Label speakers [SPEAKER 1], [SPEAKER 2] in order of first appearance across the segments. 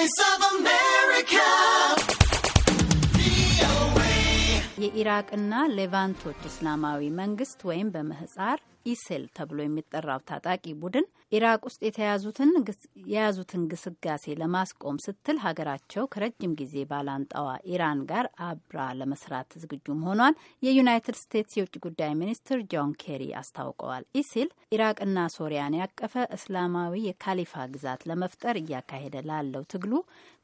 [SPEAKER 1] Voice of የኢራቅና ሌቫንቶች እስላማዊ መንግስት ወይም በምህጻር ኢሴል ተብሎ የሚጠራው ታጣቂ ቡድን ኢራቅ ውስጥ የተያዙትን የያዙትን ግስጋሴ ለማስቆም ስትል ሀገራቸው ከረጅም ጊዜ ባላንጣዋ ኢራን ጋር አብራ ለመስራት ዝግጁ መሆኗን የዩናይትድ ስቴትስ የውጭ ጉዳይ ሚኒስትር ጆን ኬሪ አስታውቀዋል። ኢሲል ኢራቅና ሶሪያን ያቀፈ እስላማዊ የካሊፋ ግዛት ለመፍጠር እያካሄደ ላለው ትግሉ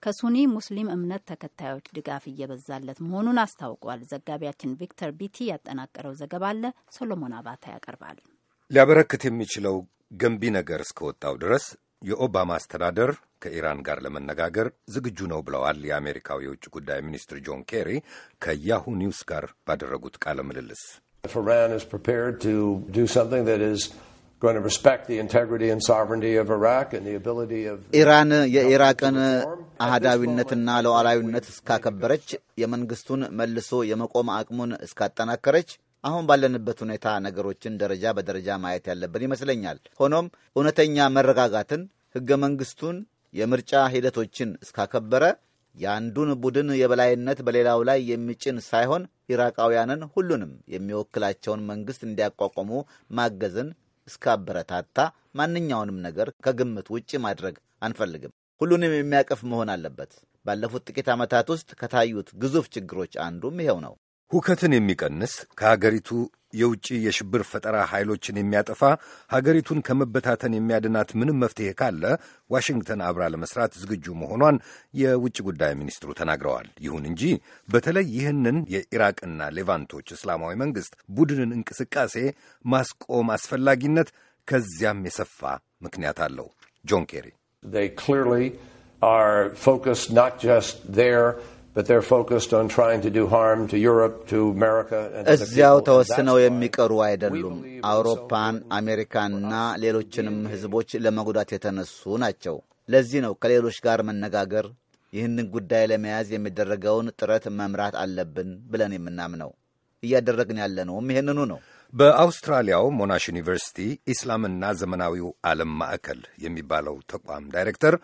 [SPEAKER 1] ከሱኒ ሙስሊም እምነት ተከታዮች ድጋፍ እየበዛለት መሆኑን አስታውቋል። ዘጋቢያችን ቪክተር ቢቲ ያጠናቀረው ዘገባ አለ። ሶሎሞን አባታ ያቀርባል።
[SPEAKER 2] ሊያበረክት የሚችለው ገንቢ ነገር እስከወጣው ድረስ የኦባማ አስተዳደር ከኢራን ጋር ለመነጋገር ዝግጁ ነው ብለዋል የአሜሪካው የውጭ ጉዳይ ሚኒስትር ጆን ኬሪ ከያሁ ኒውስ ጋር ባደረጉት ቃለ ምልልስ።
[SPEAKER 1] ኢራን የኢራቅን አህዳዊነትና ሉዓላዊነት እስካከበረች፣ የመንግስቱን መልሶ የመቆም አቅሙን እስካጠናከረች አሁን ባለንበት ሁኔታ ነገሮችን ደረጃ በደረጃ ማየት ያለብን ይመስለኛል። ሆኖም እውነተኛ መረጋጋትን ሕገ መንግስቱን የምርጫ ሂደቶችን እስካከበረ የአንዱን ቡድን የበላይነት በሌላው ላይ የሚጭን ሳይሆን ኢራቃውያንን ሁሉንም የሚወክላቸውን መንግስት እንዲያቋቁሙ ማገዝን እስካበረታታ ማንኛውንም ነገር ከግምት ውጭ ማድረግ አንፈልግም። ሁሉንም የሚያቀፍ መሆን አለበት። ባለፉት ጥቂት ዓመታት ውስጥ ከታዩት ግዙፍ ችግሮች አንዱም ይኸው ነው።
[SPEAKER 2] ሁከትን የሚቀንስ ከሀገሪቱ የውጭ የሽብር ፈጠራ ኃይሎችን የሚያጠፋ ሀገሪቱን ከመበታተን የሚያድናት ምንም መፍትሄ ካለ ዋሽንግተን አብራ ለመስራት ዝግጁ መሆኗን የውጭ ጉዳይ ሚኒስትሩ ተናግረዋል። ይሁን እንጂ በተለይ ይህንን የኢራቅና ሌቫንቶች እስላማዊ መንግሥት ቡድንን እንቅስቃሴ ማስቆም አስፈላጊነት ከዚያም የሰፋ ምክንያት አለው። ጆን ኬሪ
[SPEAKER 1] እዚያው ተወስነው የሚቀሩ አይደሉም። አውሮፓን፣ አሜሪካንና ሌሎችንም ህዝቦች ለመጉዳት የተነሱ ናቸው። ለዚህ ነው ከሌሎች ጋር መነጋገር፣ ይህንን ጉዳይ ለመያዝ የሚደረገውን ጥረት መምራት አለብን ብለን
[SPEAKER 2] የምናምነው። እያደረግን ያለነውም ይህንኑ ነው። በአውስትራሊያው ሞናሽ ዩኒቨርሲቲ ኢስላምና ዘመናዊው ዓለም ማዕከል የሚባለው ተቋም ዳይሬክተር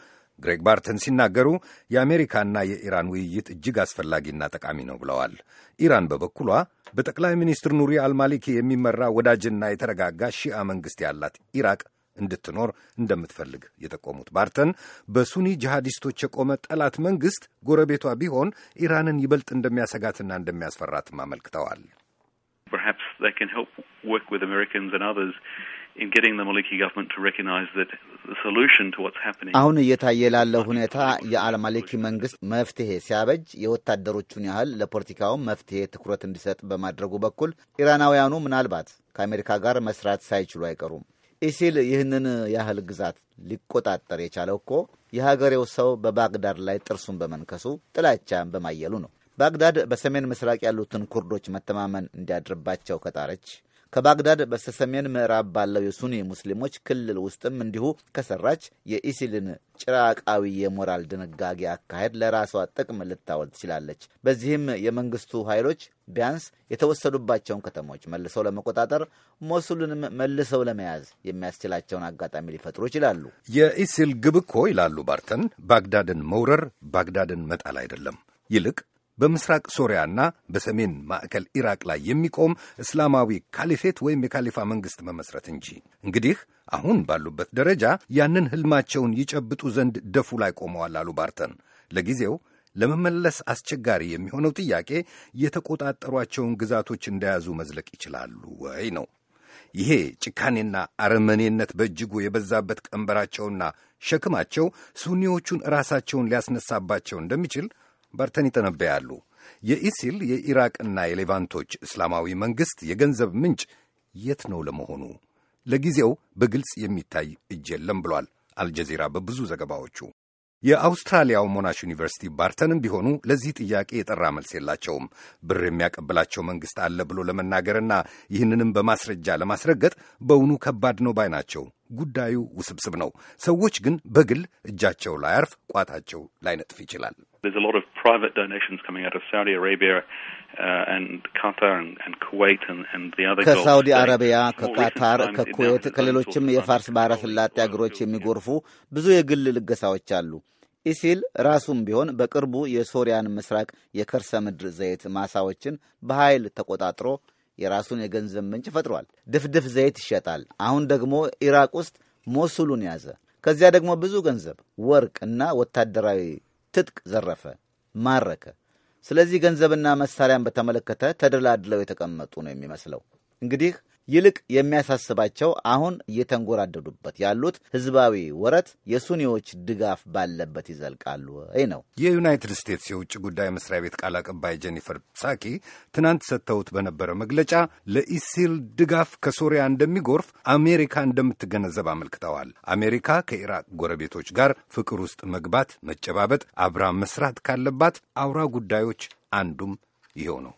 [SPEAKER 2] ግሬግ ባርተን ሲናገሩ የአሜሪካና የኢራን ውይይት እጅግ አስፈላጊና ጠቃሚ ነው ብለዋል። ኢራን በበኩሏ በጠቅላይ ሚኒስትር ኑሪ አልማሊኪ የሚመራ ወዳጅና የተረጋጋ ሺአ መንግሥት ያላት ኢራቅ እንድትኖር እንደምትፈልግ የጠቆሙት ባርተን በሱኒ ጂሃዲስቶች የቆመ ጠላት መንግሥት ጎረቤቷ ቢሆን ኢራንን ይበልጥ እንደሚያሰጋትና እንደሚያስፈራትም አመልክተዋል። አሁን
[SPEAKER 1] እየታየ ላለው ሁኔታ የአልማሊኪ መንግስት መፍትሄ ሲያበጅ የወታደሮቹን ያህል ለፖለቲካውም መፍትሄ ትኩረት እንዲሰጥ በማድረጉ በኩል ኢራናውያኑ ምናልባት ከአሜሪካ ጋር መስራት ሳይችሉ አይቀሩም። ኢሲል ይህንን ያህል ግዛት ሊቆጣጠር የቻለው እኮ የሀገሬው ሰው በባግዳድ ላይ ጥርሱን በመንከሱ ጥላቻን በማየሉ ነው። ባግዳድ በሰሜን ምስራቅ ያሉትን ኩርዶች መተማመን እንዲያድርባቸው ከጣረች ከባግዳድ በስተሰሜን ምዕራብ ባለው የሱኒ ሙስሊሞች ክልል ውስጥም እንዲሁ ከሰራች የኢሲልን ጭራቃዊ የሞራል ድንጋጌ አካሄድ ለራሷ ጥቅም ልታወል ትችላለች። በዚህም የመንግስቱ ኃይሎች ቢያንስ የተወሰዱባቸውን ከተሞች መልሰው ለመቆጣጠር ሞሱልንም መልሰው ለመያዝ የሚያስችላቸውን አጋጣሚ ሊፈጥሩ ይችላሉ።
[SPEAKER 2] የኢሲል ግብ እኮ ይላሉ ባርተን፣ ባግዳድን መውረር፣ ባግዳድን መጣል አይደለም። ይልቅ በምስራቅ ሶሪያና በሰሜን ማዕከል ኢራቅ ላይ የሚቆም እስላማዊ ካሊፌት ወይም የካሊፋ መንግሥት መመስረት እንጂ። እንግዲህ አሁን ባሉበት ደረጃ ያንን ህልማቸውን ይጨብጡ ዘንድ ደፉ ላይ ቆመዋል አሉ ባርተን። ለጊዜው ለመመለስ አስቸጋሪ የሚሆነው ጥያቄ የተቆጣጠሯቸውን ግዛቶች እንደያዙ መዝለቅ ይችላሉ ወይ ነው። ይሄ ጭካኔና አረመኔነት በእጅጉ የበዛበት ቀንበራቸውና ሸክማቸው ሱኒዎቹን ራሳቸውን ሊያስነሳባቸው እንደሚችል ባርተን ይተነበያሉ። የኢሲል የኢራቅና የሌቫንቶች እስላማዊ መንግሥት የገንዘብ ምንጭ የት ነው ለመሆኑ? ለጊዜው በግልጽ የሚታይ እጅ የለም ብሏል አልጀዚራ በብዙ ዘገባዎቹ። የአውስትራሊያው ሞናሽ ዩኒቨርሲቲ ባርተንም ቢሆኑ ለዚህ ጥያቄ የጠራ መልስ የላቸውም። ብር የሚያቀብላቸው መንግሥት አለ ብሎ ለመናገርና ይህንንም በማስረጃ ለማስረገጥ በውኑ ከባድ ነው ባይ ናቸው። ጉዳዩ ውስብስብ ነው። ሰዎች ግን በግል እጃቸው ላያርፍ ቋታቸው ላይነጥፍ ይችላል። There's a lot of private donations coming out of Saudi Arabia uh, and Qatar and, and Kuwait and, and the other ከሳውዲ አረቢያ
[SPEAKER 1] ከቃታር ከኩዌት ከሌሎችም የፋርስ ባሕረ ስላጤ አገሮች የሚጎርፉ ብዙ የግል ልገሳዎች አሉ። ኢሲል ራሱም ቢሆን በቅርቡ የሶሪያን ምስራቅ የከርሰ ምድር ዘይት ማሳዎችን በኃይል ተቆጣጥሮ የራሱን የገንዘብ ምንጭ ፈጥሯል። ድፍድፍ ዘይት ይሸጣል። አሁን ደግሞ ኢራቅ ውስጥ ሞሱሉን ያዘ። ከዚያ ደግሞ ብዙ ገንዘብ፣ ወርቅ እና ወታደራዊ ትጥቅ ዘረፈ፣ ማረከ። ስለዚህ ገንዘብና መሳሪያን በተመለከተ ተደላድለው የተቀመጡ ነው የሚመስለው። እንግዲህ ይልቅ የሚያሳስባቸው አሁን እየተንጎራደዱበት ያሉት ህዝባዊ ወረት የሱኒዎች ድጋፍ ባለበት
[SPEAKER 2] ይዘልቃሉ ወይ ነው። የዩናይትድ ስቴትስ የውጭ ጉዳይ መስሪያ ቤት ቃል አቀባይ ጄኒፈር ሳኪ ትናንት ሰጥተውት በነበረ መግለጫ ለኢሲል ድጋፍ ከሶሪያ እንደሚጎርፍ አሜሪካ እንደምትገነዘብ አመልክተዋል። አሜሪካ ከኢራቅ ጎረቤቶች ጋር ፍቅር ውስጥ መግባት፣ መጨባበጥ፣ አብራ መስራት ካለባት አውራ ጉዳዮች አንዱም ይኸው ነው።